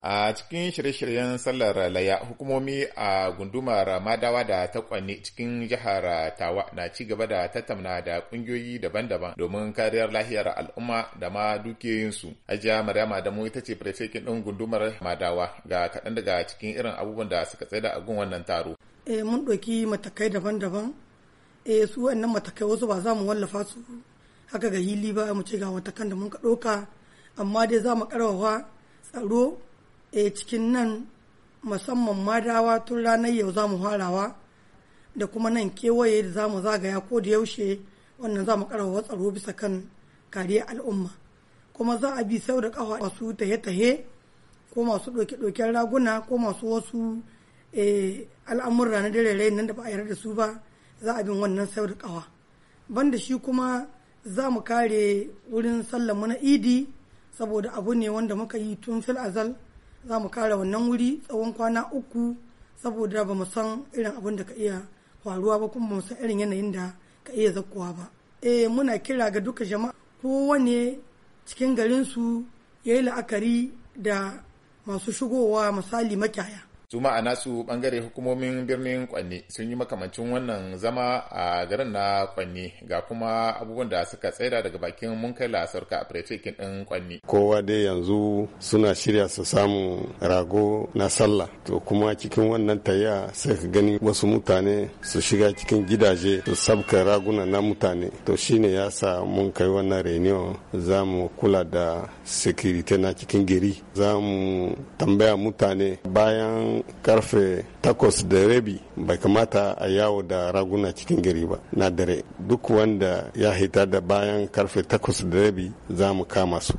a cikin shirye-shiryen sallar laya hukumomi a gundumar madawa da takwanni cikin jihar tawa na ci gaba da tattauna da kungiyoyi daban-daban domin kariyar lahiyar al'umma da ma dukiyoyinsu ajiya maryama da mu ita ce prefekin ɗin gundumar madawa ga kaɗan daga cikin irin abubuwan da suka tsaye da agun wannan taro e mun ɗauki matakai daban-daban eh su wannan matakai wasu ba za mu wallafa su haka ga hili ba mu ce ga matakan da mun ka ɗauka amma dai za mu ƙarfafa tsaro e cikin nan musamman madawa tun ranar yau za mu harawa da kuma nan kewaye da za mu zagaya ko da yaushe wannan za mu karawa tsaro bisa kan kariyar al'umma kuma za a bi sau da kafa masu tahe-tahe ko masu ɗauke-ɗauken raguna ko masu wasu eh, al'amurra na dare nan da ba a yarda da su ba za a bin wannan sau da kawa banda shi kuma za mu kare wurin sallamu na idi saboda abu ne wanda muka yi tun fil azal za mu kara wannan wuri tsawon kwana uku saboda ba mu san irin abin da ka iya faruwa ba kuma mu san irin yanayin da ka iya zakkuwa ba eh muna kira ga duka jama'a kowane cikin garinsu ya yi la'akari da masu shigowa misali makyaya su a nasu bangare hukumomin birnin kwanne sun yi makamancin wannan zama a garin na kwanne ga kuma abubuwan da suka tsaida daga bakin mun kai lasarka a prefekin din kwanne kowa dai yanzu suna shirya su samu rago na sallah to kuma cikin wannan tayya sai ka gani wasu mutane su shiga cikin gidaje su sabka raguna na mutane to shine yasa mun kai wannan reunion za mu kula da security na cikin gari za mu tambaya mutane bayan karfe takwas da rabi bai kamata a yawo da raguna cikin gari ba na dare duk wanda ya hita da bayan karfe takwas da rabi za mu kama su